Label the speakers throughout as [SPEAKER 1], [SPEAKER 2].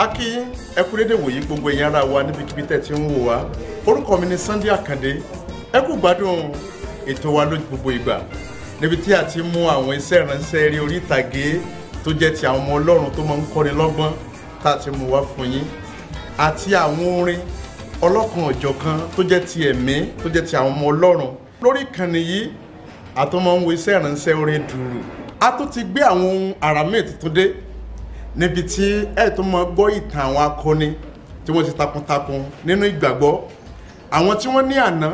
[SPEAKER 1] akí ẹkú dédé wòye gbogbo ẹ̀yin ara wa níbikíbi tẹ́ ti ń wò wá orúkọ mi ni Sunday Akande ẹkú gbádùn ètò wa lójú gbogbo ìgbà níbi tí a ti mú àwọn iṣẹ́ ìránṣẹ́ eré orí ìtàgé tó jẹ́ ti àwọn ọmọ Ọlọ́run tó máa ń kọ́ni lọ́gbọ́n tá a ti mú wá fún yín àti àwọn orin ọlọ́kan ọ̀jọ̀kan tó jẹ́ ti ẹ̀mí tó jẹ́ ti àwọn ọmọ Ọlọ́run lórí ìkànnì yìí àtọ́ máa ń wo iṣẹ́ ìránṣẹ́ orin dùrù a tún ti gbé àwọn ohun àrà míì tuntun dé níbi tí ẹ tó mọ gbọ́ ìtàn àwọn akọni tí wọ́n ti takuntakun nínú ìgbàgbọ́ àwọn tí wọ́n ní àná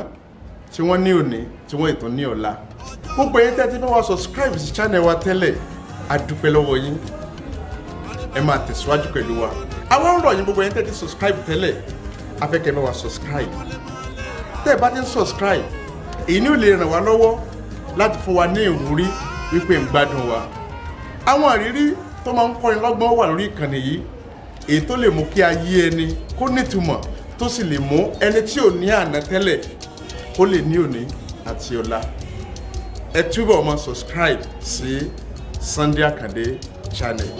[SPEAKER 1] tí wọ́n ní òní tí wọ́n ìtàn ní ọ̀la gbogbo yín tẹ́tí bá wa subscribe sí channel wa tẹ́lẹ̀ a dúpẹ́ lọ́wọ́ yín ẹ máa tẹ̀síwájú pẹ̀lú wa àwọn ń rọ̀ yín gbogbo yín tẹ́tí subscribe tẹ́lẹ̀ afẹ́kẹ́ bá subscribe tẹ́ ẹ bá ti ń subscribe èyí ni ò lè ràn wá lọ́wọ́ láti fún wa ní ìwúrí wípé ń gbádùn wa àwọn àrírí tó máa ń kọ́ni lọ́gbọ́n wà lórí ìkànnì yìí èyí tó lè mú kí ayé ẹni kó nítumọ̀ tó sì lè mú ẹni tí ò ní àná tẹ́lẹ̀ kó lè ní òní àti ọ̀la ẹ túbọ̀ máa subscribe sí Sunday Akande channel.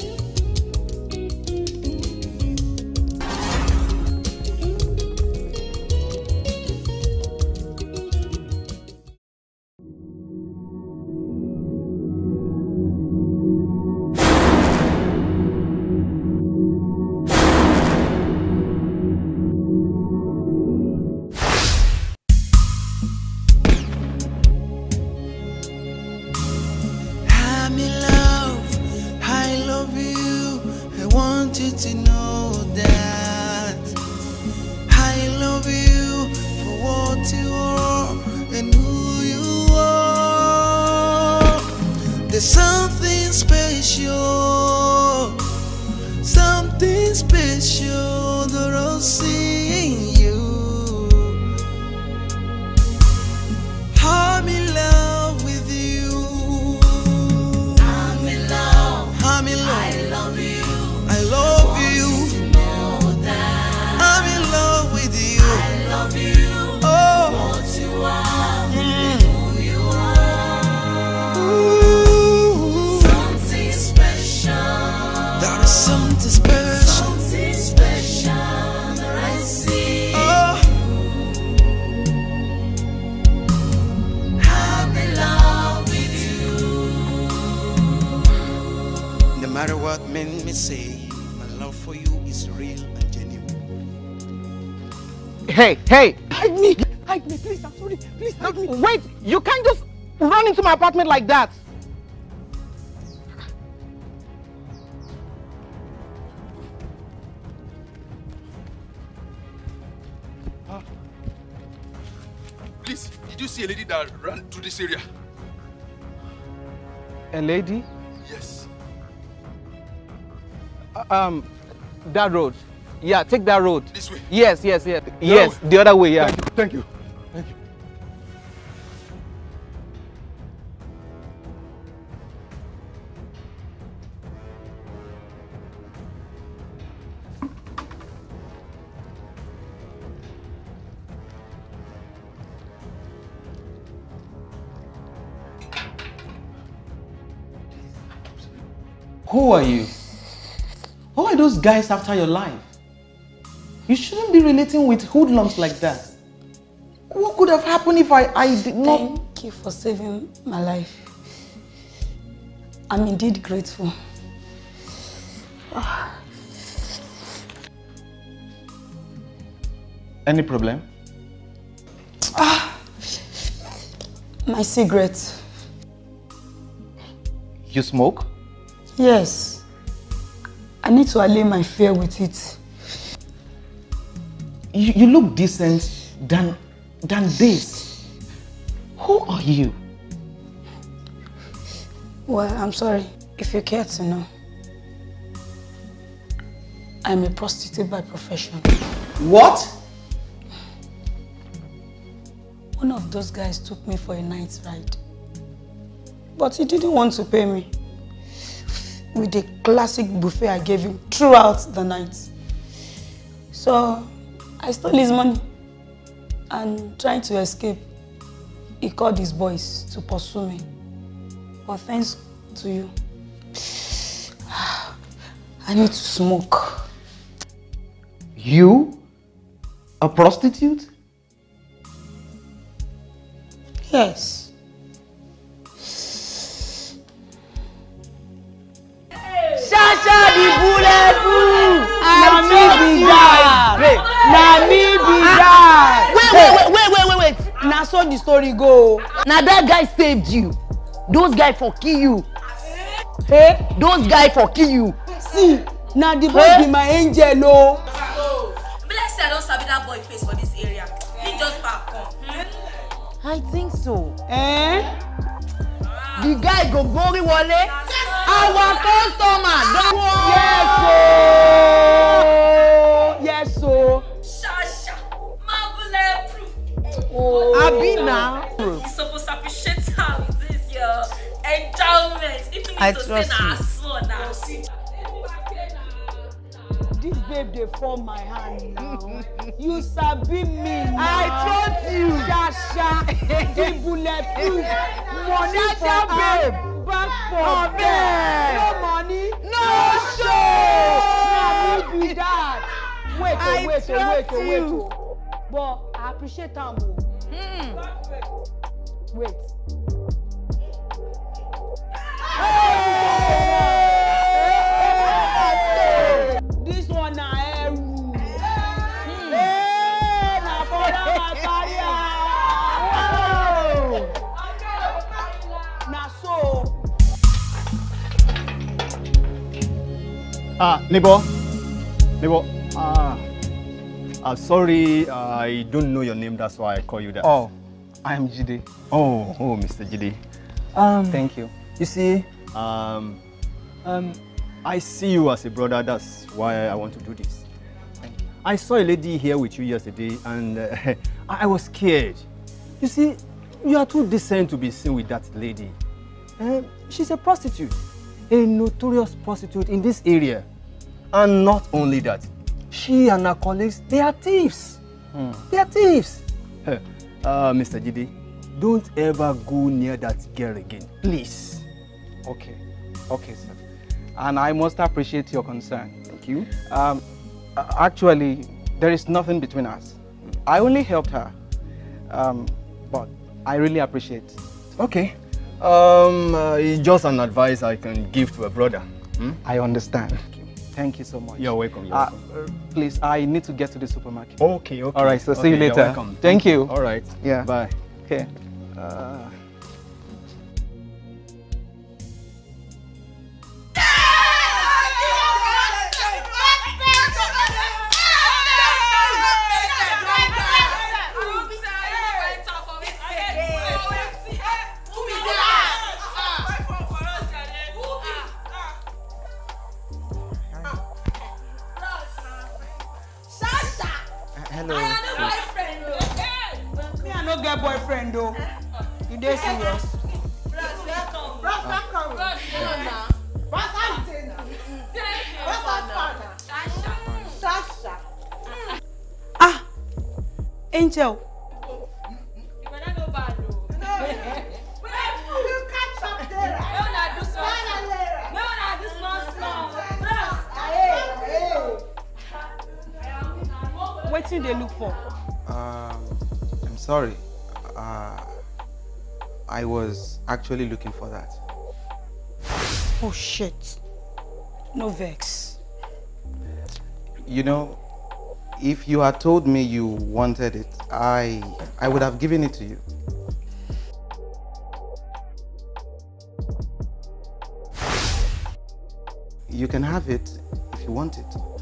[SPEAKER 2] what made me say, my love for you is real and genuine. Hey, hey! Hide me! Hide me, please, I'm sorry. Please hide me. Wait, you can't just run into my apartment like that.
[SPEAKER 1] Ah. Please, did you see a lady that ran through this area? A lady? Yes.
[SPEAKER 2] Um, that road. Yeah, take that road. This way. Yes, yes, yes. The yes, the other way, yeah. Thank you. Thank you. Thank you. Who are you? Who are those guys after your life?
[SPEAKER 3] You shouldn't be relating with hoodlums like that. What could have happened if I, I did not... Thank you for saving my life. I'm indeed grateful.
[SPEAKER 2] Any problem? Ah,
[SPEAKER 3] my cigarette. You smoke? Yes. I need to allay my fear with it. You, you look decent than, than this.
[SPEAKER 2] Who are you?
[SPEAKER 3] Well, I'm sorry if you care to know. I'm a prostitute by profession. What? One of those guys took me for a night ride. But he didn't want to pay me with the classic buffet I gave him throughout the night. So I stole his money and trying to escape, he called his boys to pursue me. But thanks to you, I need to smoke.
[SPEAKER 2] You? A prostitute?
[SPEAKER 3] Yes.
[SPEAKER 4] capture the bulletproof. Na me Na me be that. Wait, wait,
[SPEAKER 3] wait, wait, wait, wait. Na so the story go. Na that guy saved you. Those guy for kill you. Hey? Those guy for kill you. See, na the boy hey? be my angel o. Oh. bless like I don sabi that boy face for this area. He just back come. Hmm? I
[SPEAKER 5] think so. Eh? the guy go gbórí wọlé our customer don won. yes ooo yes
[SPEAKER 6] ooo. ṣaṣa marble proof. ooo abi na. you suppose appreciate her with this your endowment even if to say na her son na.
[SPEAKER 3] This babe dey fall my hand now you sabi me now i trust you ṣaṣa di bulletproof money for am back
[SPEAKER 4] for bed
[SPEAKER 3] no money no show na me be that wait o oh, wait o oh, wait o oh, wait o but i appreciate am hmm. o wait. Hey!
[SPEAKER 5] this one na ẹrù hmm. ee na fọlá ma parí a na so.
[SPEAKER 4] ah níbo níbo
[SPEAKER 7] ah i'm ah, sorry i don't know your name that's why i call you that. oh i am Jide. oh oh Mr. Jide. Um, thank you. you see um, um, I see you as a brother. That's why I want to do this. I saw a lady here with you yesterday and uh, I was scared. You see, you are too decent to be seen with that lady. Uh, she's a prostitute, a notorious prostitute in this area. And not only that, she and her colleagues, they are thieves. Hmm. They are thieves. Uh, Mr. Jide, don't ever go near that girl again, please. Okay, okay,
[SPEAKER 2] sir and I most appreciate your concern. Thank you. Um, actually, there is nothing between us. I only helped her, um, but I really appreciate. Okay. Um, um uh, just an advice I can give to a brother. Hmm? I understand. Thank you so much. You're welcome. You're uh, welcome. Uh, please, I need to get to the supermarket. Okay, okay. All right, so okay, see you later. Thank, Thank you. you. All right. Yeah. Bye.
[SPEAKER 4] Okay. Uh,
[SPEAKER 2] actually looking for that.
[SPEAKER 3] Oh, shit. No vex.
[SPEAKER 2] You know, if you had told me you wanted it, I, I would have given it to you. You can have it if you want it.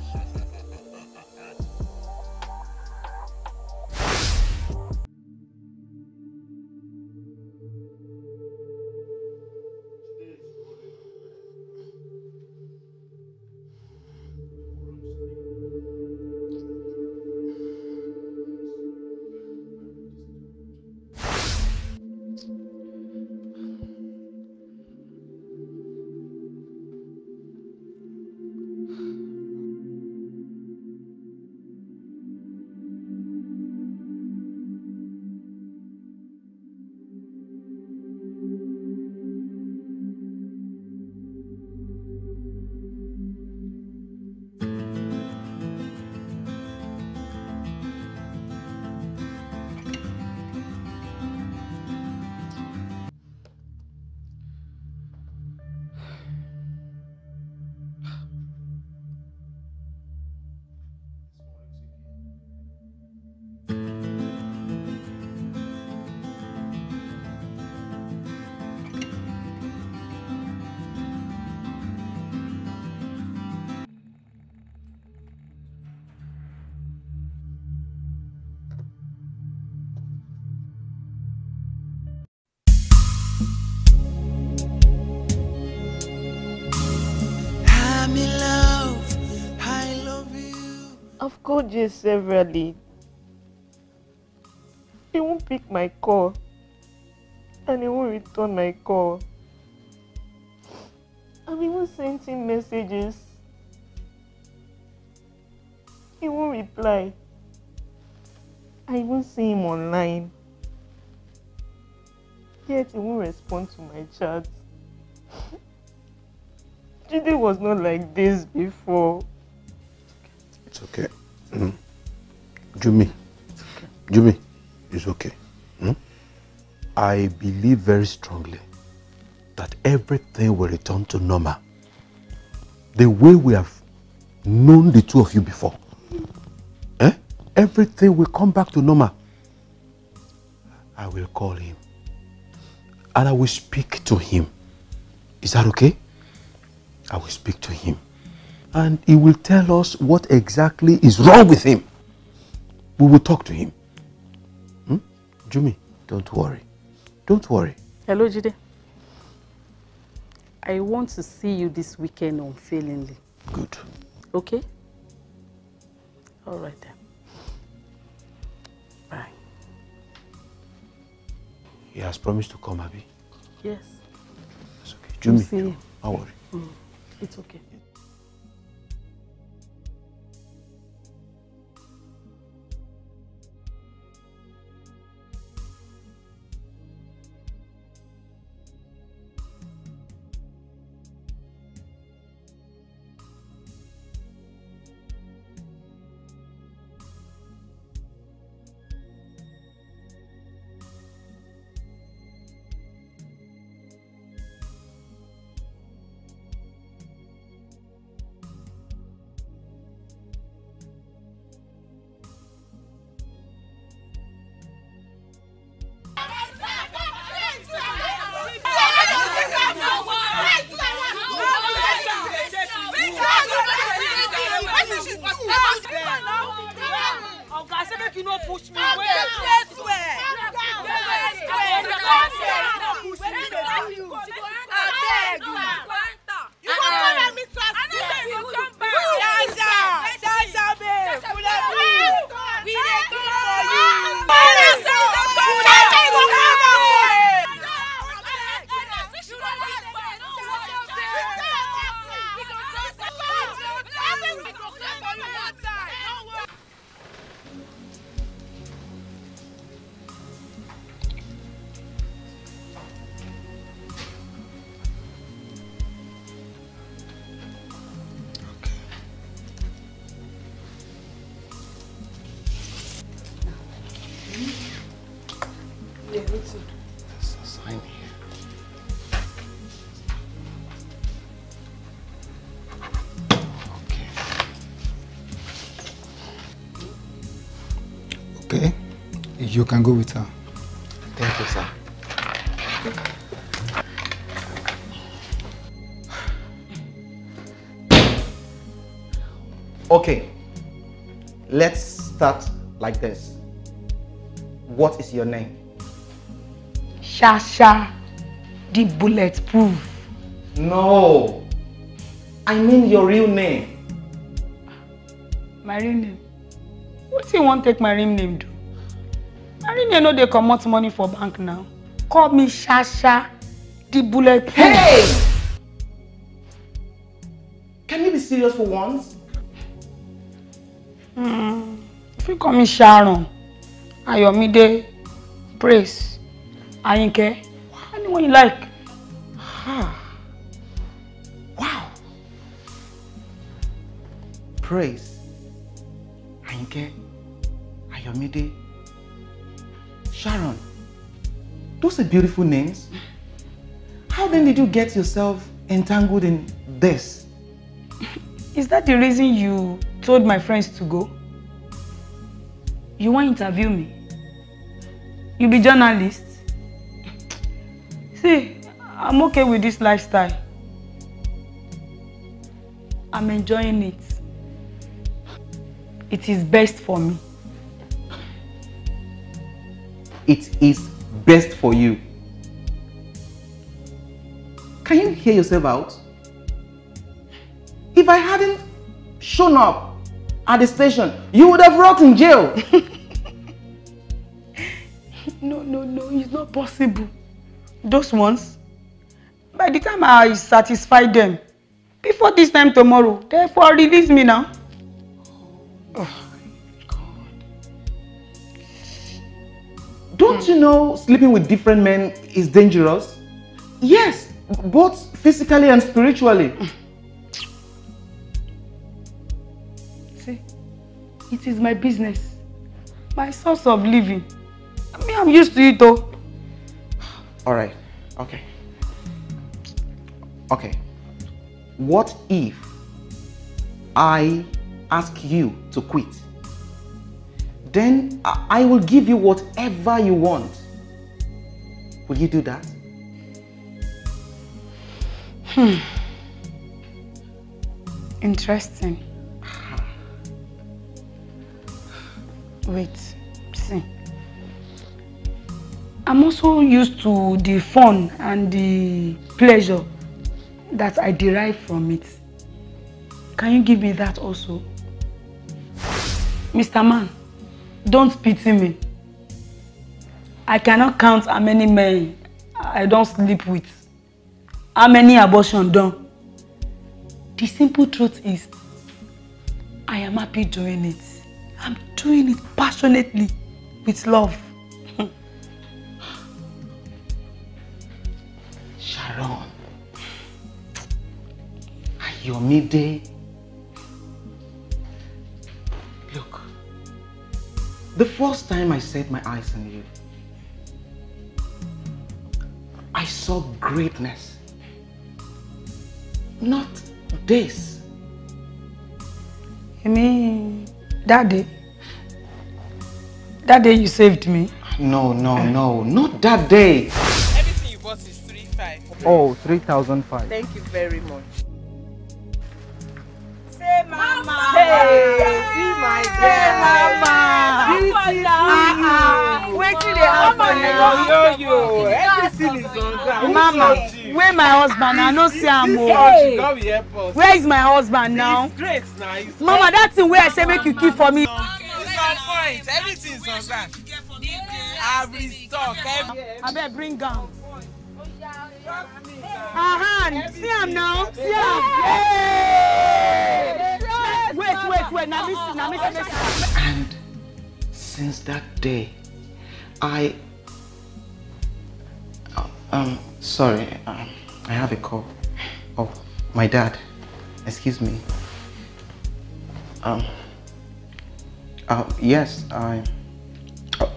[SPEAKER 3] Uju severely. He won't pick my call and he won't return my call. i am even sending him messages. He won't reply. I even see him online. Yet he won't respond to my chat. Today was not like this before.
[SPEAKER 4] It's okay. Jimmy,
[SPEAKER 7] mm-hmm. Jumi, okay. Jumi, it's okay. Mm-hmm. I believe very strongly that everything will return to normal. The way we have known the two of you before. Eh? Everything will come back to normal. I will call him. And I will speak to him. Is that okay? I will speak to him and he will tell us what exactly is wrong with him. We will talk to him. Hmm? Jumi, don't worry. Don't worry.
[SPEAKER 6] Hello, Jide. I want to see you this weekend unfailingly. Good. Okay? All right then. Bye.
[SPEAKER 7] He has promised to come, Abby?
[SPEAKER 6] Yes. That's okay. Jumi, we'll don't worry. Mm. It's okay.
[SPEAKER 8] you can go with her. Thank
[SPEAKER 7] you, sir.
[SPEAKER 2] Okay, let's start like this. What is your name?
[SPEAKER 3] Shasha, the bulletproof.
[SPEAKER 2] No,
[SPEAKER 3] I mean your real name. My real name? What do you want to take my real name to? dey no dey comot money for bank now call me Shasha, the bullet. hey can you be serious for once. Mm. if you call me sharon ayomide praise ayinke anyone you like. Ah. wow
[SPEAKER 2] praise ayinke ayomide. Sharon, those are
[SPEAKER 3] beautiful names. How then did you get yourself entangled in this? Is that the reason you told my friends to go? You want to interview me? You be journalist? See, I'm okay with this lifestyle. I'm enjoying it. It is best for me
[SPEAKER 2] it is best for you. Can you hear yourself out? If I hadn't shown up at the station, you would have
[SPEAKER 3] rot in jail. no, no, no, it's not possible. Those ones, by the time I satisfy them, before this time tomorrow, therefore release me now. Ugh. Oh.
[SPEAKER 2] Don't mm. you know sleeping with different men is dangerous? Yes, both physically and spiritually. Hmm.
[SPEAKER 3] See, it is my business, my source of living. I mean, I'm used to it though.
[SPEAKER 2] All right, okay. Okay. What if I ask you to quit? then I will give you whatever you want. Will you do that?
[SPEAKER 4] Hmm.
[SPEAKER 3] Interesting. Wait, see. I'm also used to the fun and the pleasure that I derive from it. Can you give me that also? Mr. Man, Don't pity me. I cannot count how many men I don't sleep with. How many abortion done? The simple truth is, I am happy doing it. I'm doing it passionately with love.
[SPEAKER 4] Sharon,
[SPEAKER 2] are you midday? The first time I set my eyes on you, I saw greatness.
[SPEAKER 3] Not this. You mean that day? That day you saved me?
[SPEAKER 2] No, no, no, not
[SPEAKER 3] that day.
[SPEAKER 4] Everything you bought is 3,500.
[SPEAKER 2] Oh, 3,500.
[SPEAKER 4] Thank you very much.
[SPEAKER 2] mama. Hey, see my
[SPEAKER 5] mama.
[SPEAKER 3] Beautiful. Ah, ah. Wetin dey happen in Oyo
[SPEAKER 8] Everything is
[SPEAKER 4] on ground. Mama,
[SPEAKER 3] where my husband? I no see am o.
[SPEAKER 8] Where is my husband now? Mama, that
[SPEAKER 3] thing wey I say make you keep for me. It's on
[SPEAKER 8] point. Everything is on ground.
[SPEAKER 3] I've restocked. Abeg bring am. Uh-huh. see him now. See
[SPEAKER 4] him. Wait, wait, wait. Now now
[SPEAKER 2] And since that day, I. Uh, um, sorry, um, I have a call. Oh, my dad. Excuse me. Um. Uh, yes, I. Oh,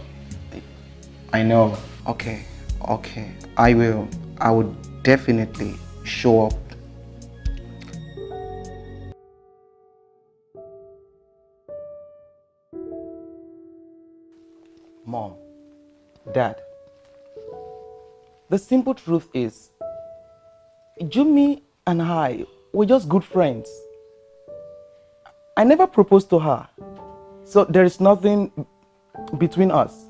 [SPEAKER 2] I know. Okay, okay. I will. I would definitely show up. Mom, Dad, the simple truth is, Jumi and I were just good friends. I never proposed to her, so there is nothing between us.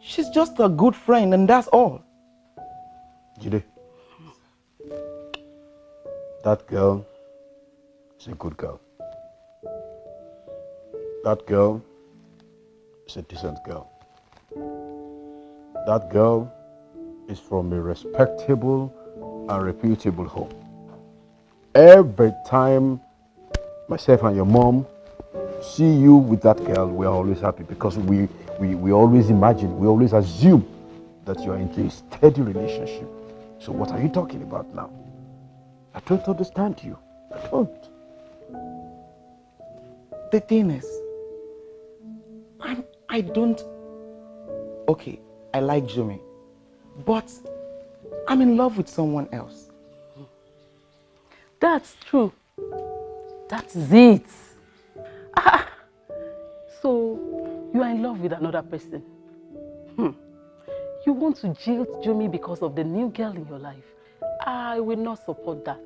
[SPEAKER 2] She's just a good friend and that's
[SPEAKER 7] all. Jide, that girl is a good girl. That girl is a decent girl. That girl is from a respectable and reputable home. Every time myself and your mom see you with that girl, we are always happy because we, we, we always imagine, we always assume that you are into a steady relationship. So what are you talking about now? I don't understand you. I don't. The thing is,
[SPEAKER 2] I'm, I don't... Okay, I like Jimmy, but I'm in love with someone else.
[SPEAKER 6] That's true. That is it. Ah, ah. so, you are in love with another person. Hmm. You want to jilt Jumi because of the new girl in your life. I will not support that.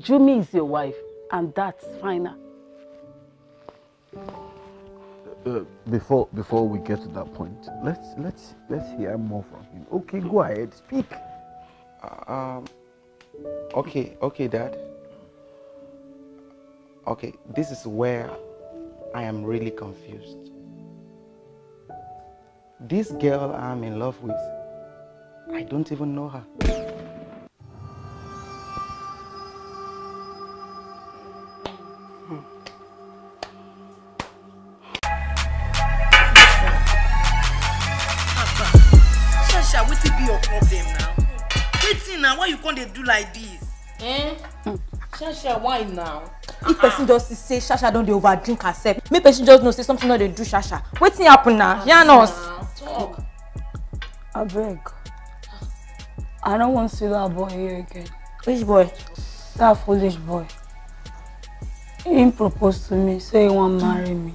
[SPEAKER 6] Jumi is your wife, and that's final.
[SPEAKER 7] Uh, before before we get to that point, let's let's let's hear more from him. Okay,
[SPEAKER 2] go ahead, speak. Uh, um, okay, okay, Dad. Okay, this is where I am really confused. This girl I'm in love with, I don't even know her.
[SPEAKER 3] Shasha, be your problem now? why you do like this? Eh? Shasha, hmm. why now? If person just say Shasha don't they over drink herself, make person just know say something no they do Shasha. Wetin happen na? Yarn I beg. I don't want to see that boy here again. Which boy? That foolish boy. He proposed to me, say he want marry me.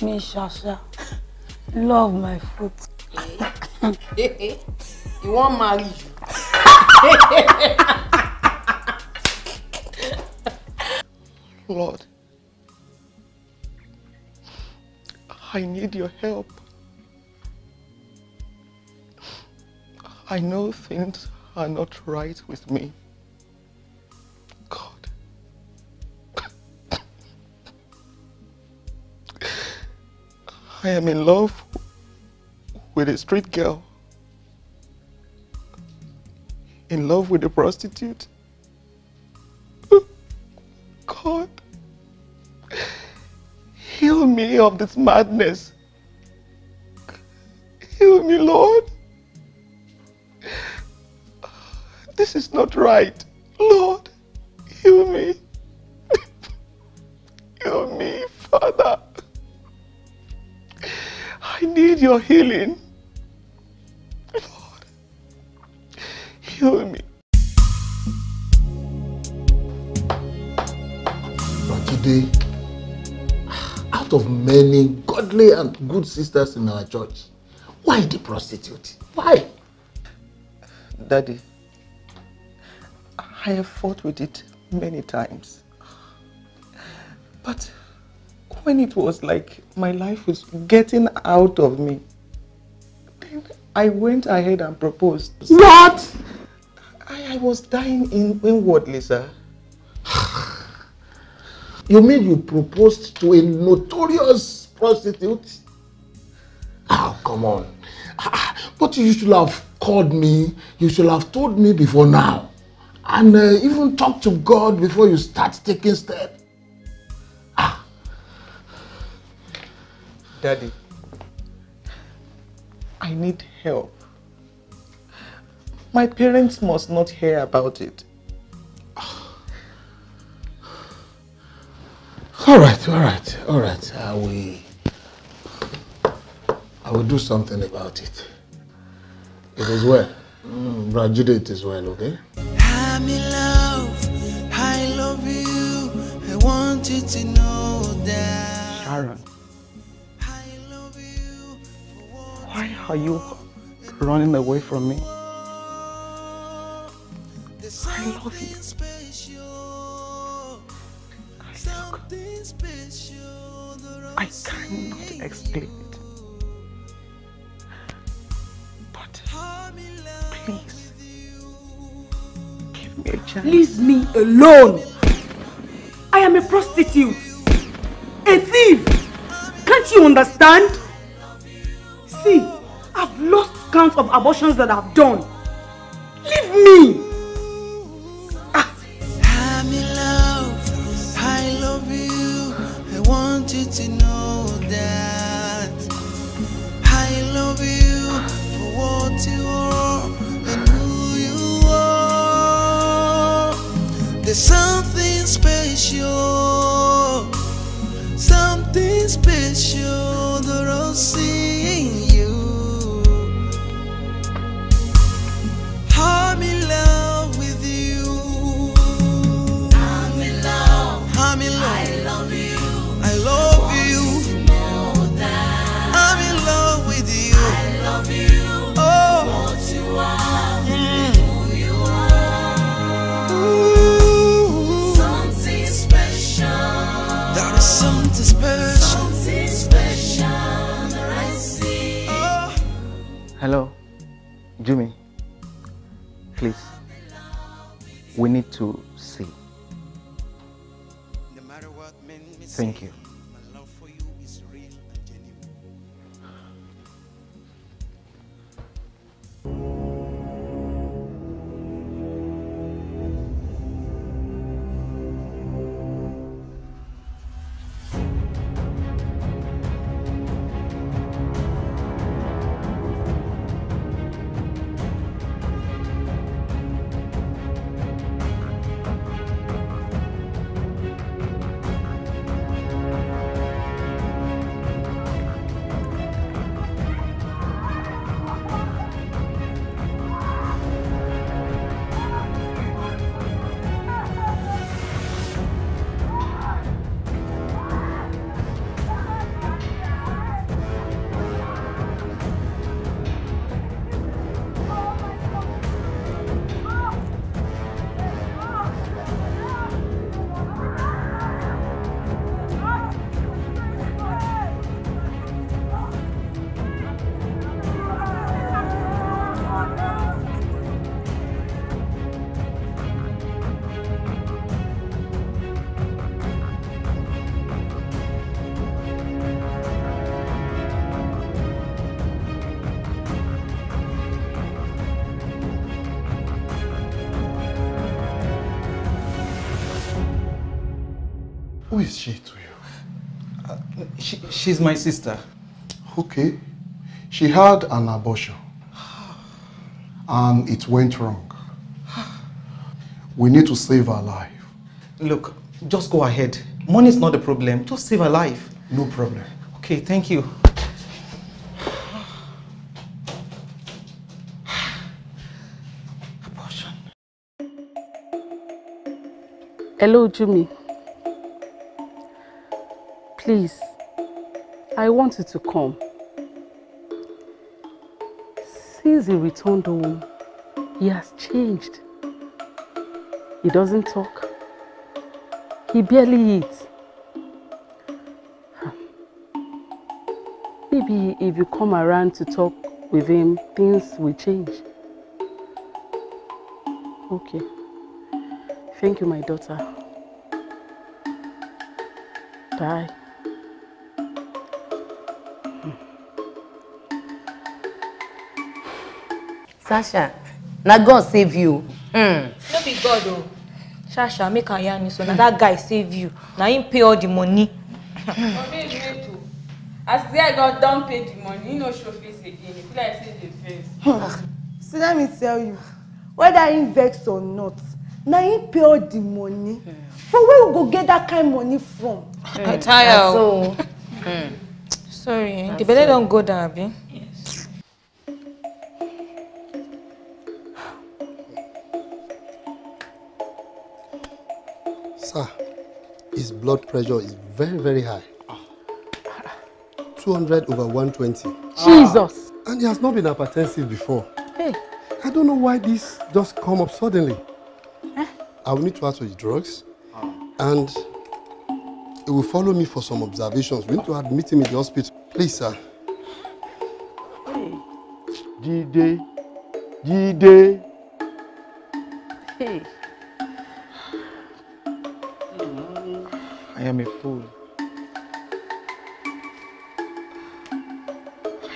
[SPEAKER 3] Me, Shasha, love my foot.
[SPEAKER 4] He
[SPEAKER 2] want marry you. Lord, I need your help. I know things are not right with me. God. I am in love with a
[SPEAKER 8] street girl. In love with a prostitute. God. Heal me of this madness. Heal me, Lord. This is not right. Lord, heal me. heal me,
[SPEAKER 2] Father. I need your healing. Lord, heal me.
[SPEAKER 8] But today, out of many godly and good sisters in our church, why the prostitute? Why? Daddy,
[SPEAKER 2] I have fought with it many times. But when it was like my life was getting out of me, then I went ahead and proposed. What? I, I was dying
[SPEAKER 8] in, what, Lisa? you mean you proposed to a notorious prostitute? Oh, come on. Ah, ah, but you should have called me. You should have told me before now and uh, even talk to God before you start taking steps. Ah. Daddy, I
[SPEAKER 2] need help. My parents must not hear about it.
[SPEAKER 8] All right, all right, all right. I will, I will do something about it. It is well. Mm, Brad Judith is well, okay? i
[SPEAKER 5] love. I love you. I want you to know
[SPEAKER 2] that. Sharon. Why are you running away from me? I
[SPEAKER 5] love you.
[SPEAKER 2] I, I cannot explain
[SPEAKER 3] Leave me alone. I am a prostitute. A thief. Can't you understand? See, I've lost count of abortions that I've done. Leave me.
[SPEAKER 5] Ah. I love you. I want you to know that. I love you for what you are. There's something special, something special that I'll see.
[SPEAKER 2] need to see. Thank you.
[SPEAKER 8] She's my sister. Okay. She had an abortion. And it went wrong. We need to save her life.
[SPEAKER 2] Look, just go ahead. Money is not the problem. Just save her life. No problem. Okay, thank you.
[SPEAKER 6] Abortion. Hello, Jimmy. Please. I want you to come. Since he returned home, he has changed. He doesn't talk. He barely eats. Maybe if you come around to talk with him, things will change. Okay. Thank you, my daughter. Bye.
[SPEAKER 3] sasha na god save you mm. no be god oh. sasha make i yarn you so na that guy save you na him pay all the money.
[SPEAKER 6] omi is wait o as the guy don don pay the money he no show face again e be like say he dey
[SPEAKER 3] see let me tell you whether him vex or not na him pay all the money for where we go get that kind of money from.
[SPEAKER 4] Mm. i tire
[SPEAKER 3] so, mm. sorry eh? the belle don't go down abi.
[SPEAKER 7] blood pressure is very, very high. 200 over 120. Jesus! Ah. And he has not been hypertensive before. Hey. I don't know why this just come up suddenly. Eh? I will need to ask for the drugs. Ah. And he will follow me for some observations. We need to admit him in the hospital. Please, sir.
[SPEAKER 6] Hey.
[SPEAKER 1] Jide. Jide. am a fool.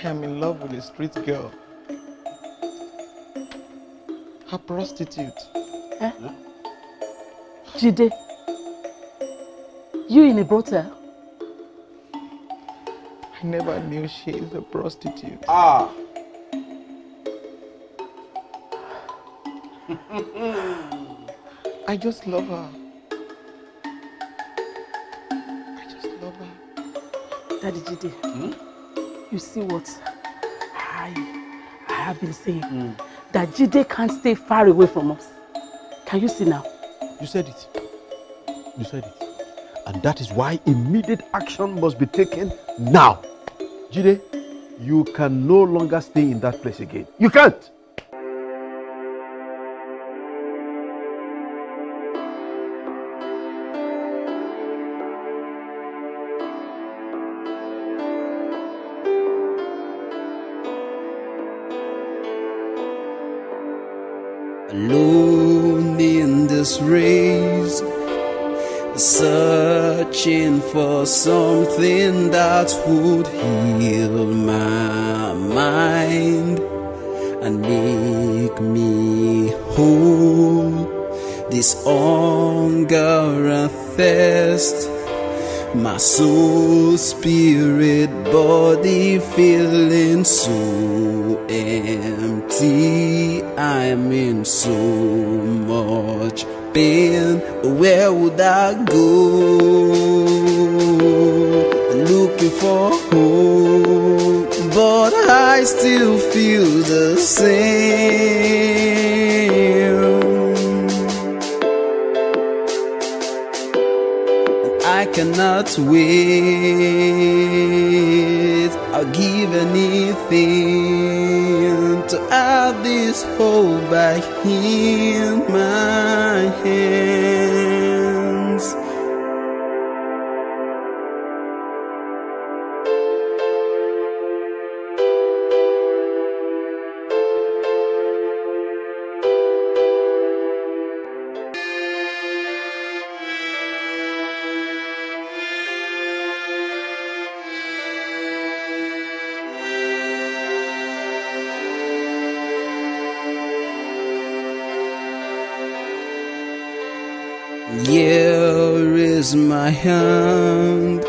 [SPEAKER 2] I am in love with a street girl.
[SPEAKER 6] A prostitute. Eh? Jide, you in a brothel?
[SPEAKER 2] I never knew she is a prostitute.
[SPEAKER 9] Ah.
[SPEAKER 6] I just love her. Daddy Jide, hmm? you see what I, I have been saying? Hmm. That Jide can't stay far away from us. Can you see now?
[SPEAKER 7] You said it. You said it. And that is why immediate action must be taken now. Jide, you can no longer stay in that place again. You can't.
[SPEAKER 9] searching for something that would heal my mind and make me whole. This hunger and thirst, my soul, spirit, body feeling so empty. I'm in so much been, where would I go? looking for home, but I still feel the same. I cannot wait, I'll give anything to have this hole back in my ter. is my hand.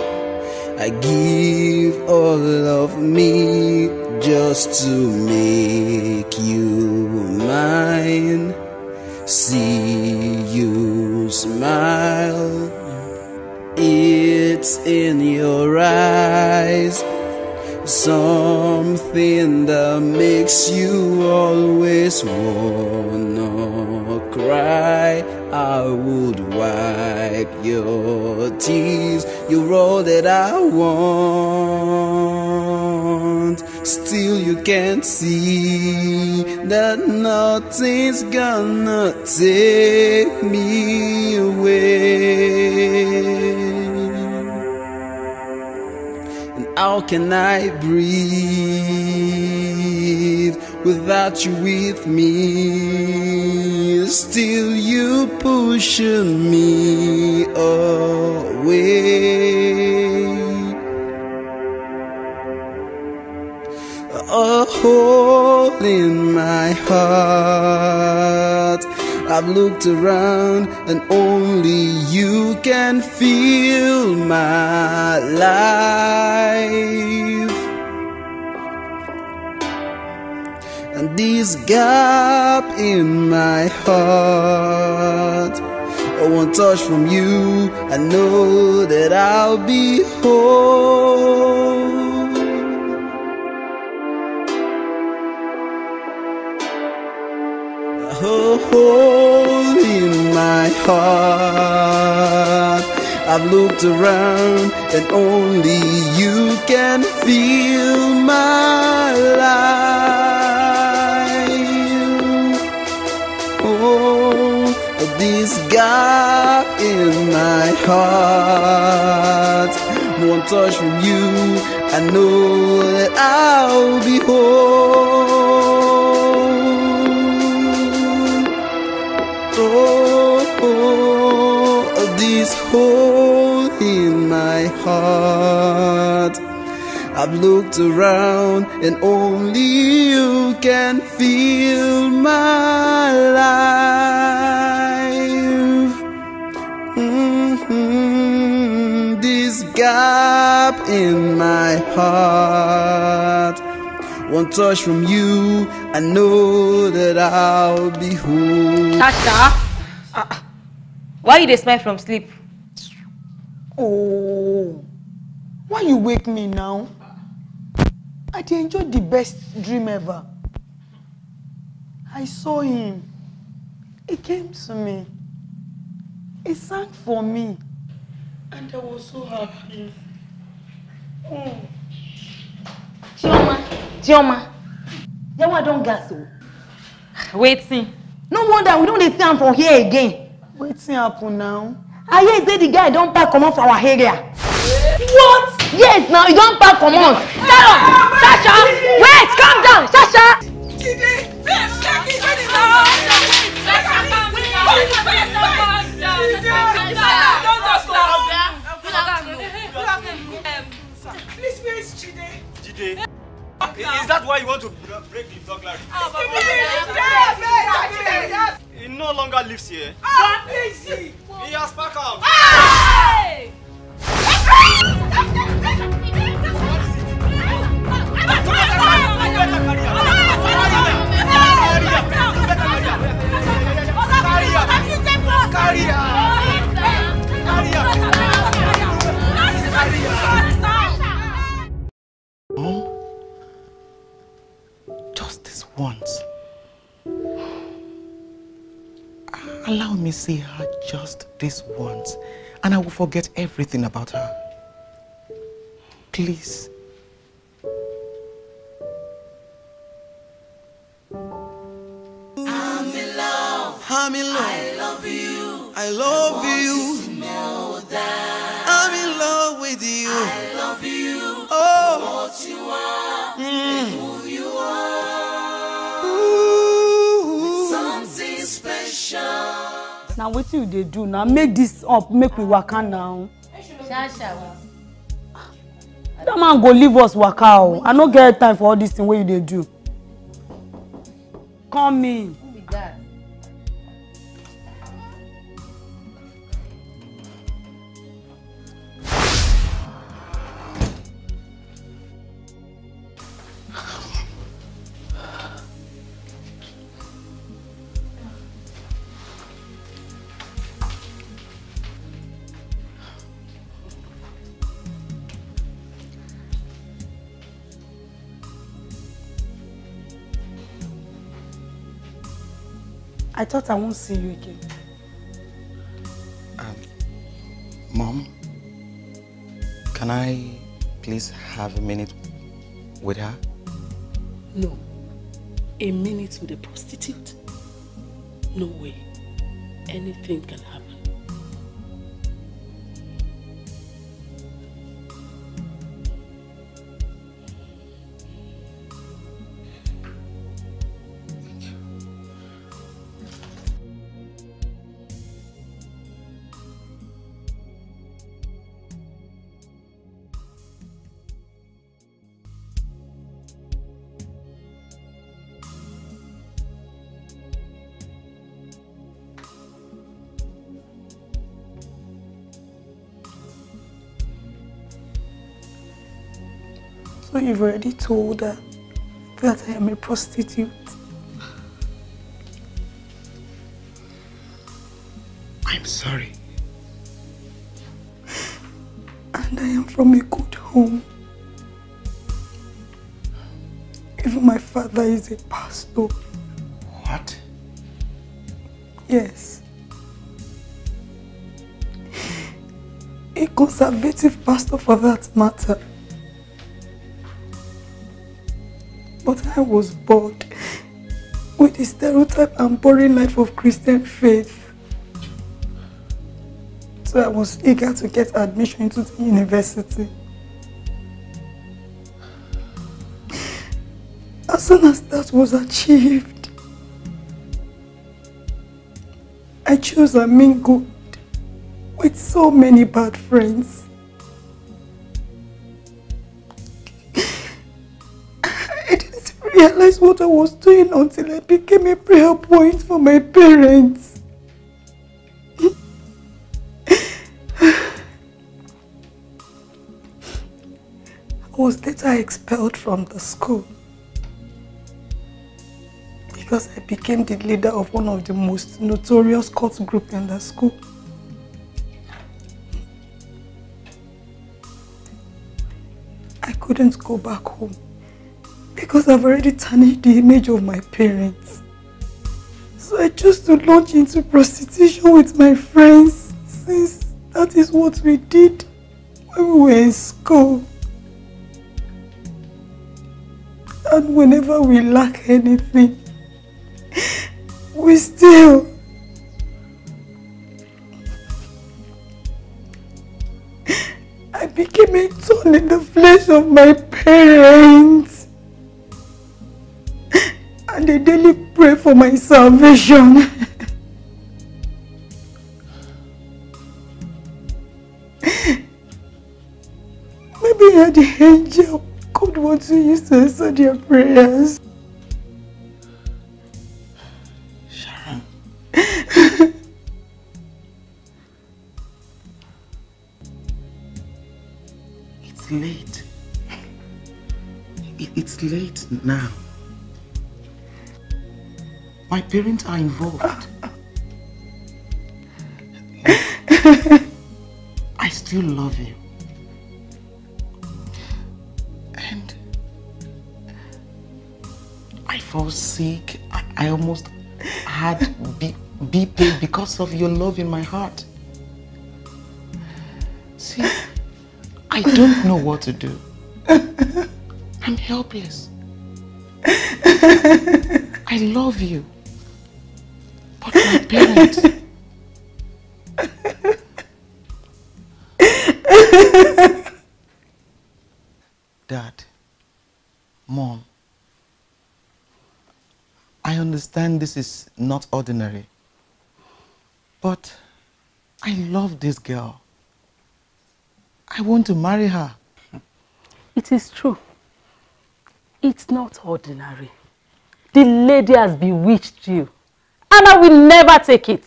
[SPEAKER 9] I give all of me just to make you mine. See you smile. It's in your eyes. Something that makes you always warm. your tears, you're all that I want. Still, you can't see that nothing's gonna take me away. And how can I breathe? without you with me. Still, you pushing me away. A hole in my heart. I've looked around and only you can feel my life. and this gap in my heart. Oh, one touch from you, I know that I'll be whole. A hole in my heart. I've looked around and only you can feel my life. this gap in my heart. One touch from you, I know that I'll be whole. Oh, oh this hole in my heart. I've looked around and only you can feel my life. gap in my heart. One touch from you, I know that I'll be whole. Tasha,
[SPEAKER 4] uh, ah, ah.
[SPEAKER 3] why you dey smile from sleep? Oh, why you wake me now? I did enjoy the best dream ever. I saw him. He came to me. He sang for me. And I was so happy. Mm. Chioma, Chioma, Yawa don't gas o. Wetin? No wonder we don't see him from here again. Wetin happen now? I hear say the guy don't pack comot for our area. What? Yes, now he don't pack comot. Sarah, Sasha, wait, calm down, Sasha. Sasha, calm down. don't day. Is that why you want to break the burglary? He no longer lives here.
[SPEAKER 4] He has packed out. Hey!
[SPEAKER 2] once. Allow me see her just this once, and I will forget everything about her.
[SPEAKER 6] Please.
[SPEAKER 5] I'm in love. I'm in love. I love you. I love I you. I'm in love with you. I love you. Oh. What you are.
[SPEAKER 3] na wetin you dey do na make dis up make we waka now. dat man go leave us waka o i no get time for all dis thing wey you dey do. come in.
[SPEAKER 4] Who be that?
[SPEAKER 3] I thought I won't see you again.
[SPEAKER 2] Um, Mom, can I please have a minute with her?
[SPEAKER 6] No. A minute with a prostitute? No way. Anything can happen.
[SPEAKER 3] You've already told her that I am a prostitute.
[SPEAKER 2] I'm sorry.
[SPEAKER 3] And I am from a good home. Even my father is a pastor. What? Yes. A conservative pastor for that matter. but I was bored with the stereotype and boring life of Christian faith. So I was eager to get admission into the university. As soon as that was achieved, I chose a mingled with so many bad friends. what I was doing until I became a prayer point for my parents. I was later expelled from the school because I became the leader of one of the most notorious cult group in the school. I couldn't go back home because I've already tarnished the image of my parents. So I chose to launch into prostitution with my friends since that is what we did when we were in school. And whenever we lack anything, we still I became a thorn in the flesh of my parents. and daily pray for my salvation. Maybe you the angel God wants you to answer their prayers.
[SPEAKER 2] it's late. it's late now. My parents are involved. I still love you. And I fall sick. I, I almost had BP because of your love in my heart. See, I don't know what to do. I'm helpless. I love you parent. Dad, Mom, I understand this is not ordinary, but I love this girl. I
[SPEAKER 6] want to marry her. It is true. It's not ordinary. The lady has bewitched you. And I will never take it.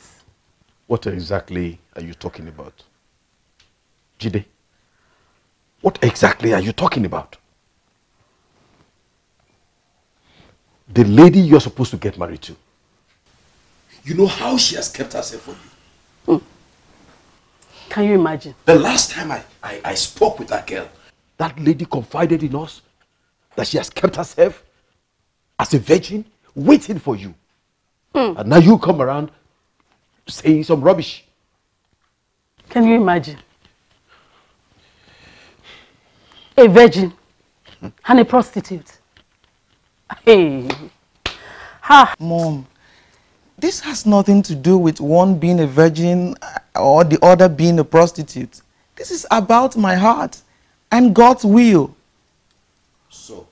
[SPEAKER 7] What exactly are you talking about? Jide, what exactly are you talking about? The lady you're supposed to get married to. You know how she has kept herself for you. Hmm. Can you imagine? The last time I, I, I spoke with that girl, that lady confided in us that she has kept herself as a virgin waiting for you. Mm. And now you come around saying some rubbish.
[SPEAKER 6] Can you imagine? A virgin hmm. and a prostitute. Hey.
[SPEAKER 2] Ha. Mom, this has nothing to do with one being a virgin uh, or the other being a prostitute. This is about my heart and God's will.
[SPEAKER 7] So,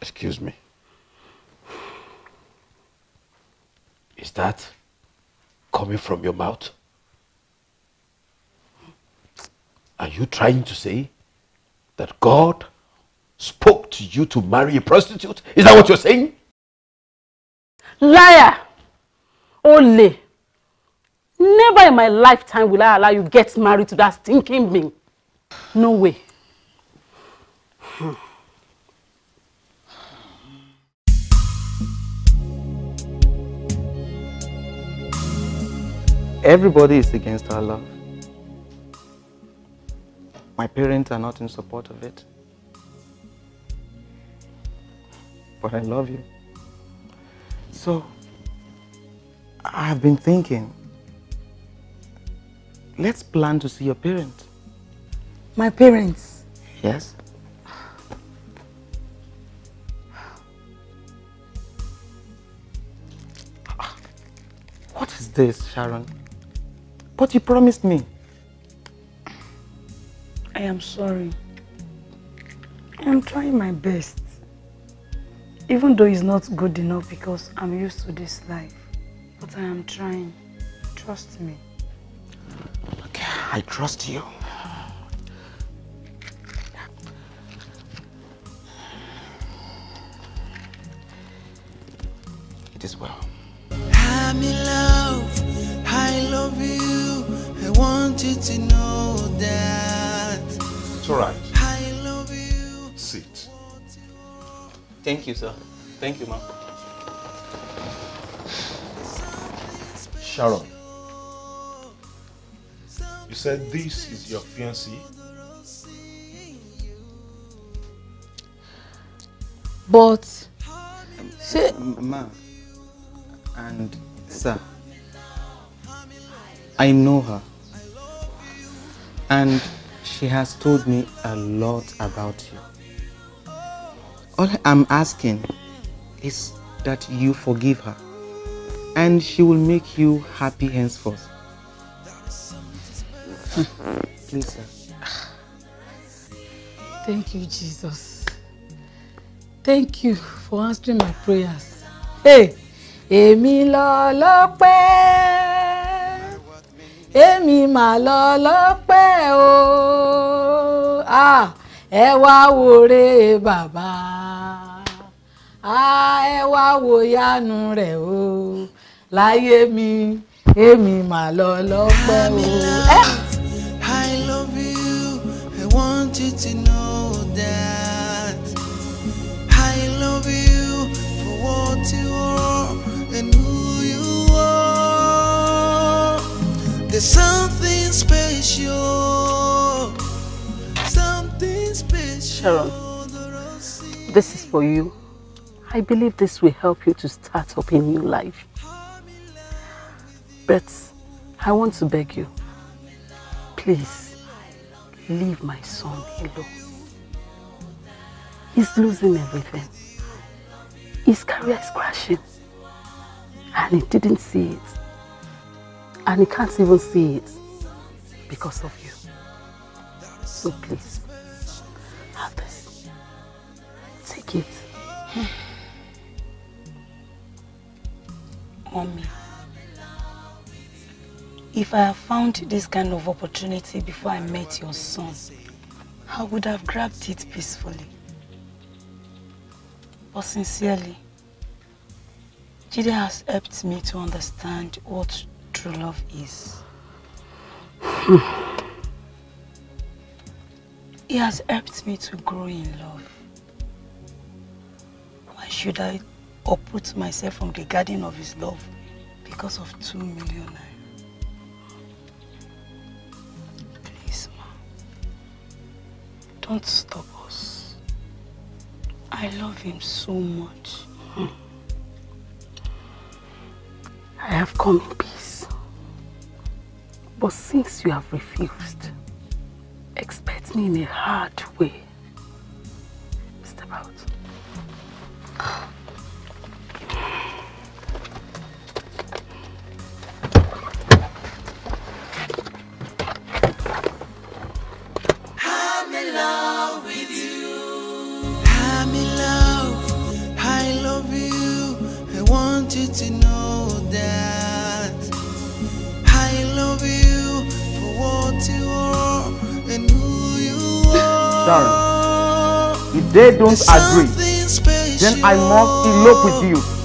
[SPEAKER 7] excuse me. Is that coming from your mouth? Are you trying to say that God spoke to you to marry a prostitute? Is that what you're saying?
[SPEAKER 6] Liar! Only. Never in my lifetime will I allow you get married to that stinking being. No way. Hmm.
[SPEAKER 2] Everybody is against our love. My parents are not in support of it. But I love you. So, I've been thinking, let's plan to see your parents.
[SPEAKER 3] My parents?
[SPEAKER 2] Yes. What is this, Sharon? But you promised me.
[SPEAKER 3] I am sorry. I am trying my best. Even though it's not good enough because I'm used to this life. But I am trying. Trust me.
[SPEAKER 2] Okay, I trust you. It is well. I'm in love.
[SPEAKER 5] I love you want you to know that.
[SPEAKER 7] It's all right.
[SPEAKER 8] I love you.
[SPEAKER 7] Sit. Thank you, sir.
[SPEAKER 2] Thank you, ma'am.
[SPEAKER 8] Sharon, you said this is your fiancé.
[SPEAKER 6] But,
[SPEAKER 2] she... Ma, and sir, I know her. And she has told me a lot about you. All I'm asking is that you forgive her and she will make you happy henceforth. Please, sir.
[SPEAKER 6] Thank you, Jesus. Thank you for answering my prayers. Hey, Èmi lọ́lọ́pẹ́. èmi mà lọ lọ́pẹ́ o ẹ wá wòre bàbá ẹ wá wò yánu rẹ̀ o láyé mi
[SPEAKER 3] èmi mà lọ lọ́pẹ́ o. I
[SPEAKER 5] love you, I want you to know. There's something special. Something special.
[SPEAKER 6] Sharon, this is for you. I believe this will help you to start up a new life. But I want to beg you, please, leave my son alone. He's losing everything. His career is crashing. And he didn't see it. And he can't even see it because of you. So please, have this. Take it.
[SPEAKER 3] Mommy, if I had found this kind of opportunity before I met your son, I would have grabbed it peacefully. But sincerely, Jide has helped me to understand what true love is. He has helped me to grow in love. Why should I uproot myself from the garden of his love because of two million naira? Please, ma. Don't stop us. I love him so much.
[SPEAKER 6] Hmm. I have come in peace. But since you have refused, expect me in a hard way. Step out.
[SPEAKER 7] they don't agree, then I must elope with you.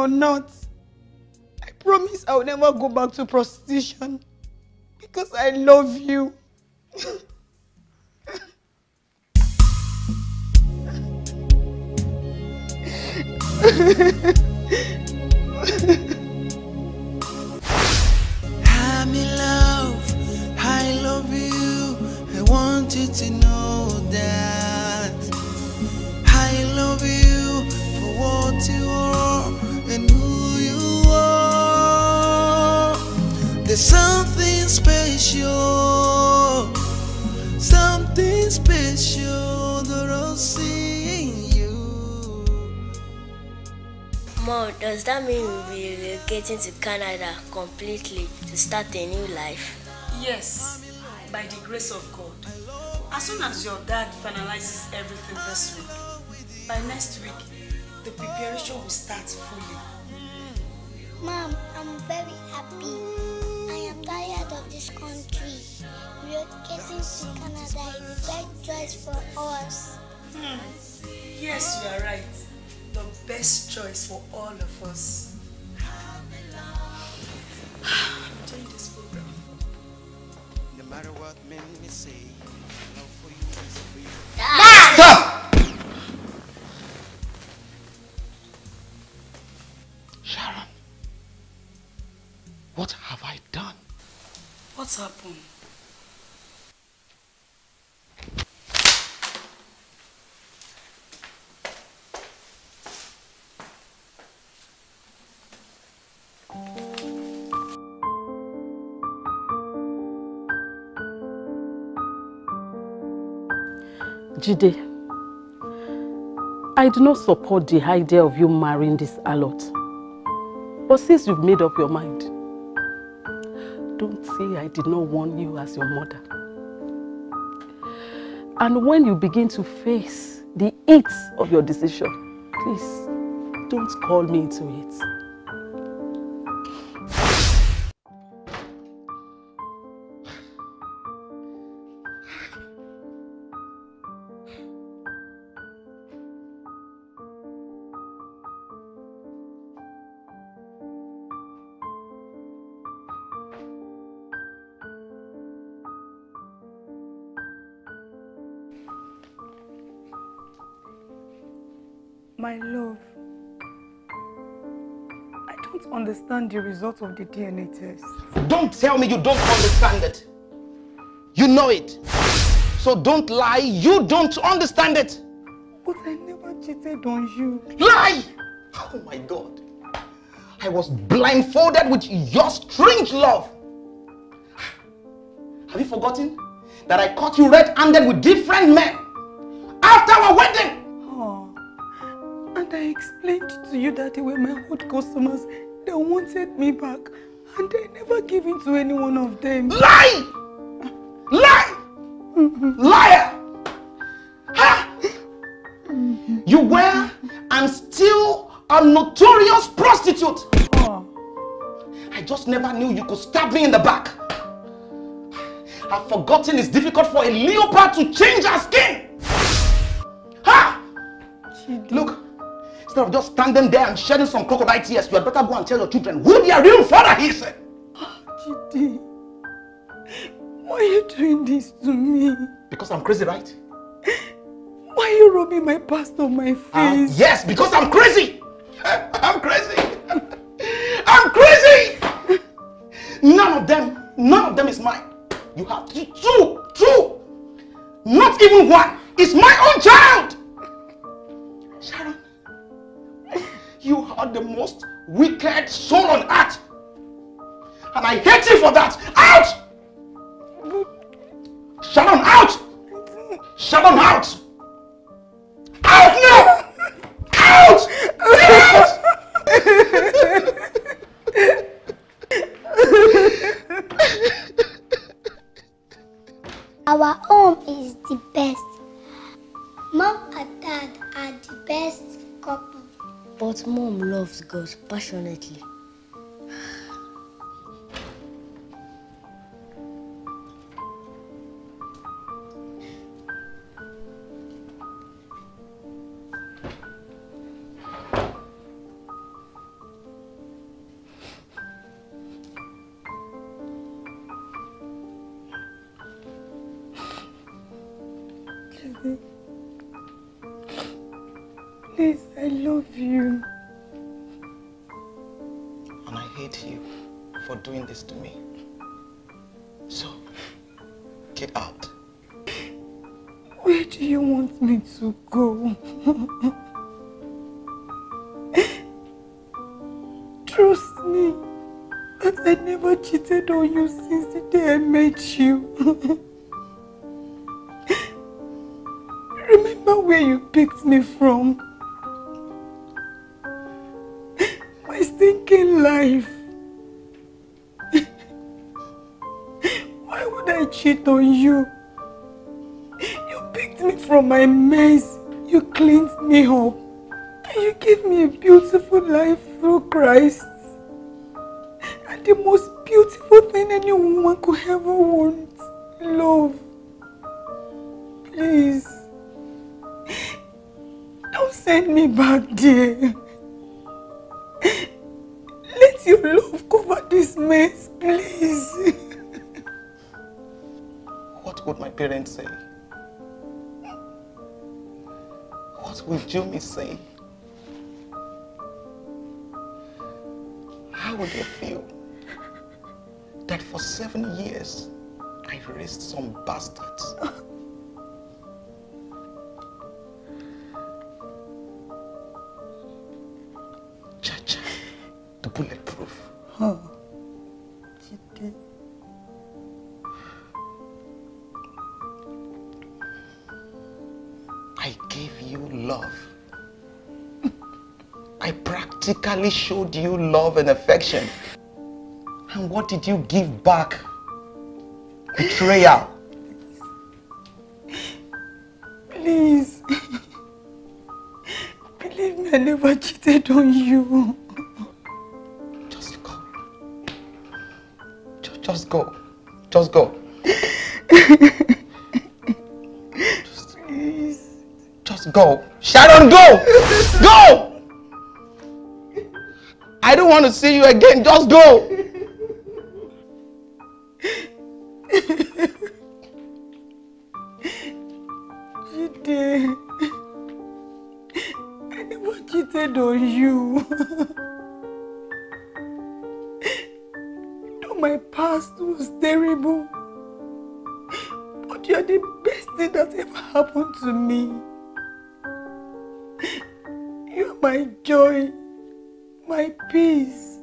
[SPEAKER 3] or not, I promise I'll never go back to prostitution because I love you.
[SPEAKER 4] I'm
[SPEAKER 5] in love, I love you. I want you to know that I love you for what you are and who you are. There's something special, something
[SPEAKER 3] special that I'll
[SPEAKER 5] see in you.
[SPEAKER 3] Mom, does that mean we'll be relocating to Canada completely to start a
[SPEAKER 8] new life?
[SPEAKER 3] Yes, by the grace of God. As soon as your dad finalizes everything this week, by next week, the preparation will start fully. Mom, I'm very happy. I am tired of this country. We are getting to Canada is the best choice for us. Hmm. Yes, you are right. The best choice for all of us. I'm doing this program.
[SPEAKER 2] No matter what men may say,
[SPEAKER 3] What's happened?
[SPEAKER 6] Jide, I do not support the idea of you marrying this allot. But since you've made up your mind, I did not warn you as your mother. And when you begin to face the it of your decision, please don't call me into it.
[SPEAKER 3] understand the result of the DNA test. Don't tell me
[SPEAKER 2] you don't understand it. You know it. So don't lie. You don't understand it.
[SPEAKER 3] But I never cheated on you. Lie! Oh
[SPEAKER 2] my God. I was blindfolded with your strange love. Have you forgotten that I caught you red-handed with different men
[SPEAKER 3] after our wedding? Oh, and I explained to you that they were my old customers they wanted me back and I never give in to any one of them. Lie! Lie! Liar!
[SPEAKER 2] Ha! You were and still a notorious prostitute! Oh. I just never knew you could stab me in the back. I've forgotten it's difficult for a leopard to change her skin! Ha! Look, Instead of just standing there and shedding some crocodile tears, you had better go and tell your children who their real father is.
[SPEAKER 3] Oh, Chidi, why are you doing this to me? Because I'm crazy, right? Why are you rubbing my past on my ah, face? Uh, yes, because I'm crazy. I'm crazy. I'm crazy. None of them,
[SPEAKER 2] none of them is mine. You have two, two, not even one. It's my own child. Sharon, you are the most wicked soul on earth. And I hate you for that. Out! Shut out! Shut
[SPEAKER 4] out!
[SPEAKER 3] loves God passionately. me that I never cheated on you since the day I met you. Remember where you picked me from? My stinking life. Why would I cheat on you? You picked me from my mess. You cleaned me up. And you gave me a beautiful life through Christ. The most beautiful thing any woman could ever want. Love. Please. Don't send me back, dear. Let your love cover this mess, please.
[SPEAKER 2] What would my parents say? What would Jimmy say? How would they feel? that for seven years, I raised some bastards.
[SPEAKER 4] Chacha, the bulletproof. Oh, you did.
[SPEAKER 2] I gave you love. I practically showed you love and affection. And what did you give back? Betrayal.
[SPEAKER 3] Please. Believe me, I never cheated on you.
[SPEAKER 4] Just go.
[SPEAKER 2] Just, just go. Just go. just, Please. Just go. Sharon, go! Go! I don't want to see you again. Just go!
[SPEAKER 3] My past was terrible. But you're the best thing that ever happened to me. You're my joy, my peace,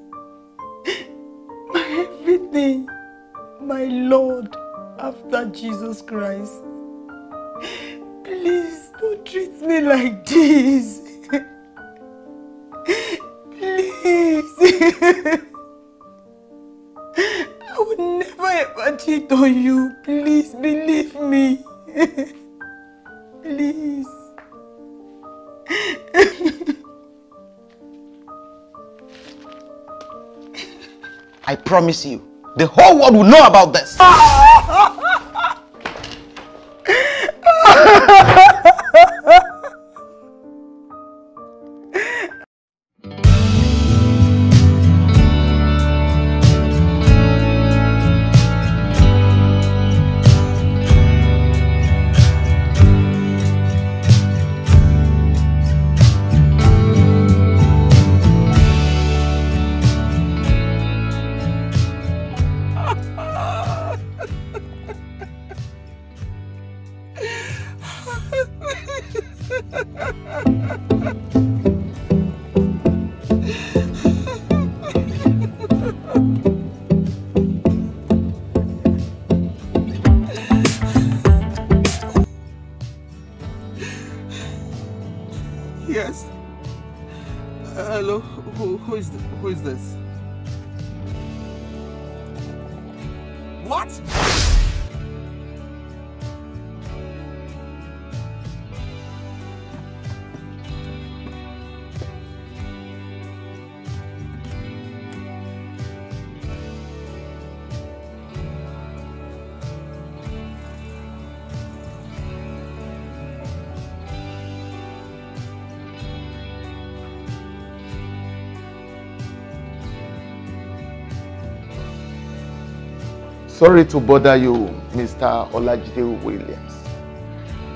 [SPEAKER 3] my everything, my Lord after Jesus Christ. Please don't treat me like this. do on you. Please believe me. Please.
[SPEAKER 2] I promise you, the whole world will know about this. Ah!
[SPEAKER 8] Sorry to bother you, Mr. Olajide Williams.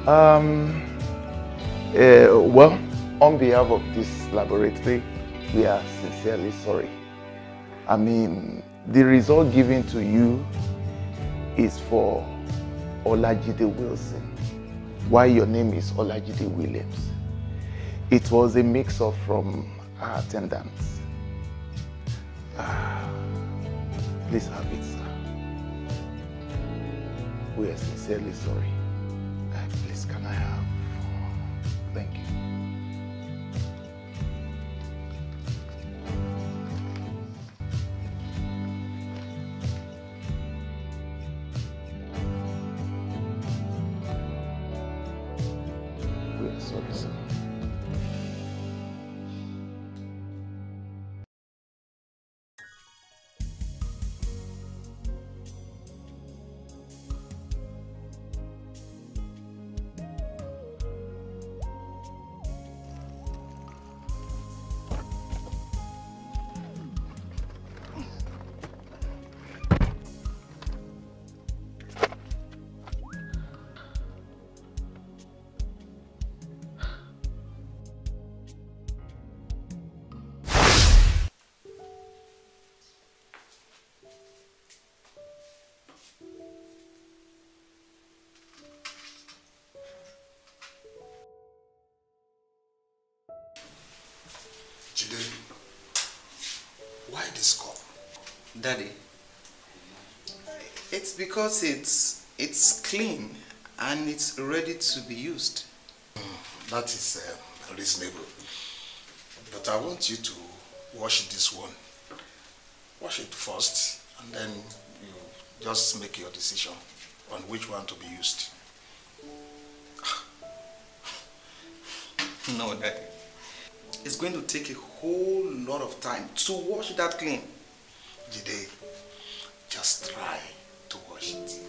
[SPEAKER 9] Um,
[SPEAKER 8] uh, well, on behalf of this laboratory, we are sincerely sorry. I mean, the result given to you is for Olajide Wilson, Why your name is Olajide Williams. It was a mix-up from our attendants. Uh, ah, please have it we are sincerely sorry. Daddy, it's because it's, it's clean and it's ready to be used. Mm, that is uh, reasonable. But I want you to wash this one. Wash it first and then you just make your decision on which one to be used. no, Daddy. It's going to take a whole lot
[SPEAKER 2] of time to wash that clean. Jide, just try to wash it.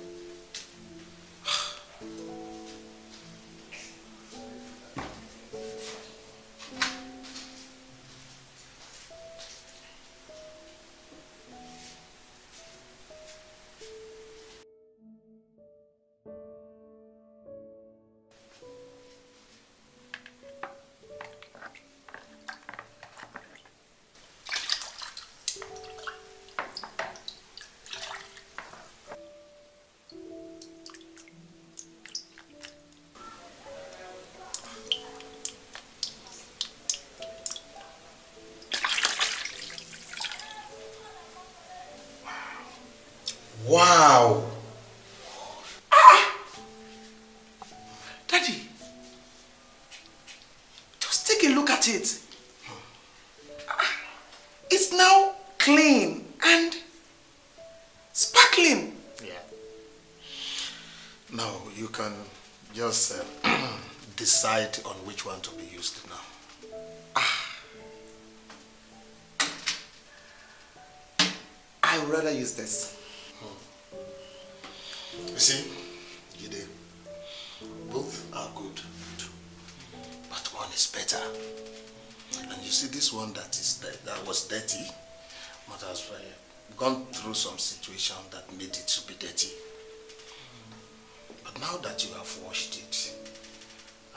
[SPEAKER 8] rather use this. Hmm. You see, Gide, both are good, but one is better. And you see this one that is that was dirty, mother has eh, gone through some situation that made it to be dirty. But now that you have washed it,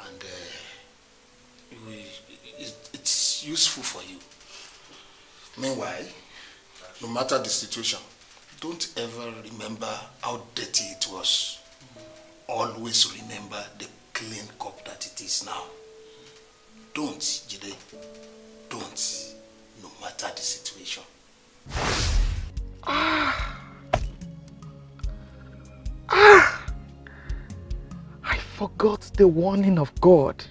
[SPEAKER 8] and uh, it, it's useful for you. Meanwhile, no matter the situation, don't ever remember how dirty it was. Always remember the clean cup that it is now. Don't, Jide. Don't, no matter the situation.
[SPEAKER 4] Ah!
[SPEAKER 2] Ah! I forgot the warning of God.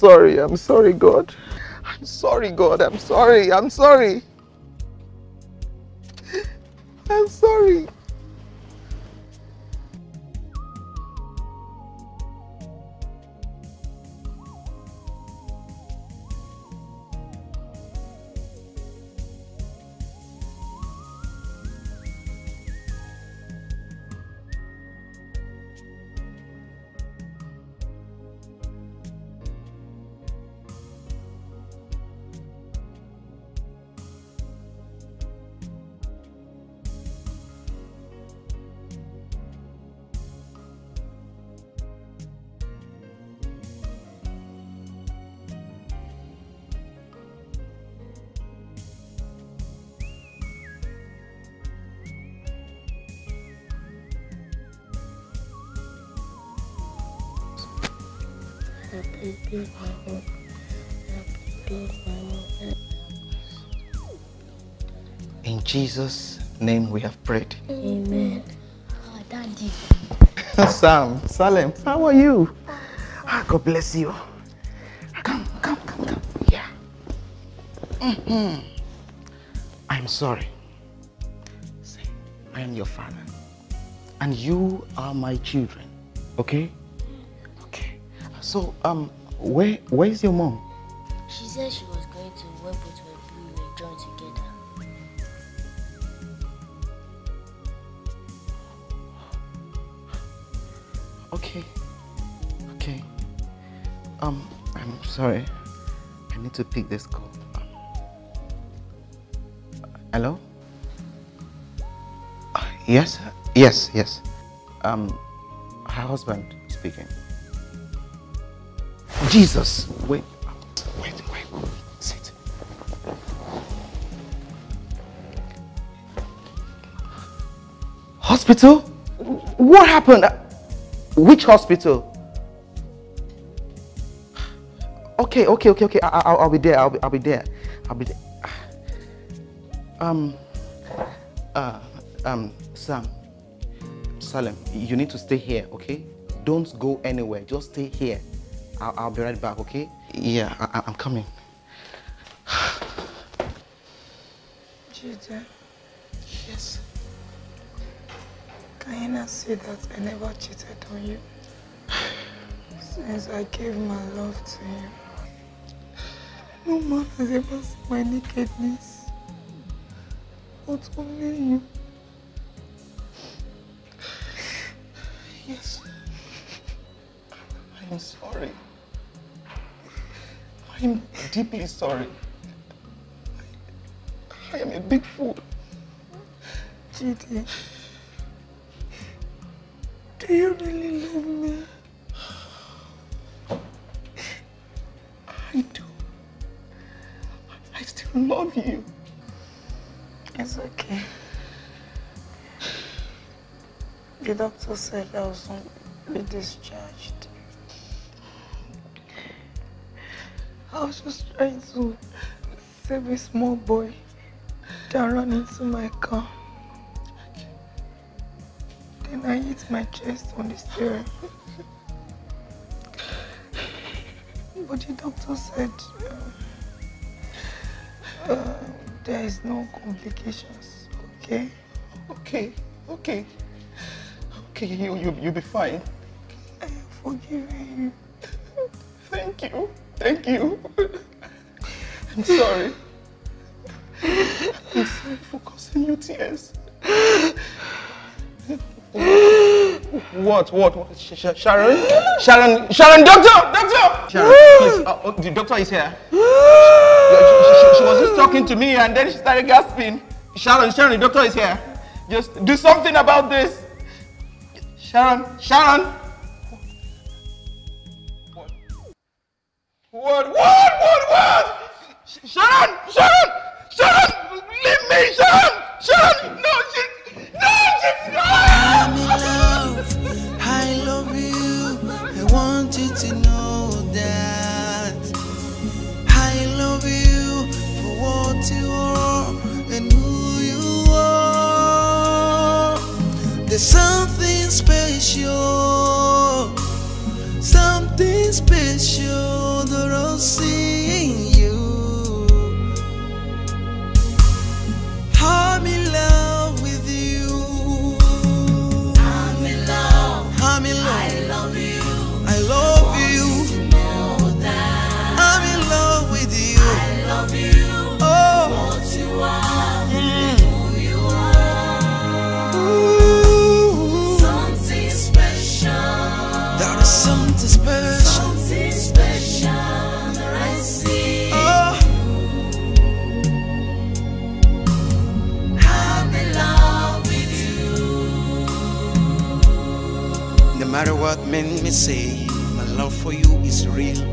[SPEAKER 2] sorry. I'm sorry, God. I'm sorry, God. I'm sorry. I'm sorry.
[SPEAKER 4] I'm sorry.
[SPEAKER 2] Jesus' name we have prayed.
[SPEAKER 3] Amen. Oh, Daddy.
[SPEAKER 2] Sam, Salem, how are you? Ah. ah, God bless you. Come,
[SPEAKER 4] come, come, come. Yeah. Mm -hmm.
[SPEAKER 2] I'm sorry. Say, I am your father. And you are my children. Okay? Mm. Okay. So, um, where where is your mom?
[SPEAKER 3] She said she was
[SPEAKER 2] sorry. I need to pick this call. Hello? Yes, yes, yes. Um, her husband speaking. Jesus, wait, wait, wait, sit. Hospital? What happened? Which hospital? okay, okay, okay, okay. I, will be there. I'll be, I'll be there. I'll be there. Ah. Um, uh, um, Sam, Salem, you need to stay here, okay? Don't go anywhere. Just stay here. I'll, I'll be right back, okay? Yeah, I, I'm coming.
[SPEAKER 3] Jude. Yes. Can you not see that I never cheated on you? Since I gave my love to you. No man has ever seen my nakedness. But only you. Yes.
[SPEAKER 2] I'm sorry. I'm deeply
[SPEAKER 8] sorry. I, am a big fool. Chidi, do you really love me?
[SPEAKER 3] doctor said I was going to be discharged. I was just trying to save a small boy that ran into my car. Then I hit my chest on the steering. But the doctor said uh, uh, there is no complications, okay?
[SPEAKER 2] Okay, okay okay, you, you, you'll be fine.
[SPEAKER 4] I forgive you. Thank you. Thank you.
[SPEAKER 2] I'm sorry. I'm sorry for causing you tears. What? What? what? Sh Sh Sharon? Sharon? Sharon? Doctor! Doctor! Sharon, please. Uh, oh, the doctor is here. She, she, she, was just talking to me and then she started gasping. Sharon, Sharon, the doctor is here. Just do something about this. Sharon, Sharon!
[SPEAKER 4] What? What? What? What? What? Sharon! Sharon! Sharon! Leave me, Sharon!
[SPEAKER 2] what men may say, my love for you is real.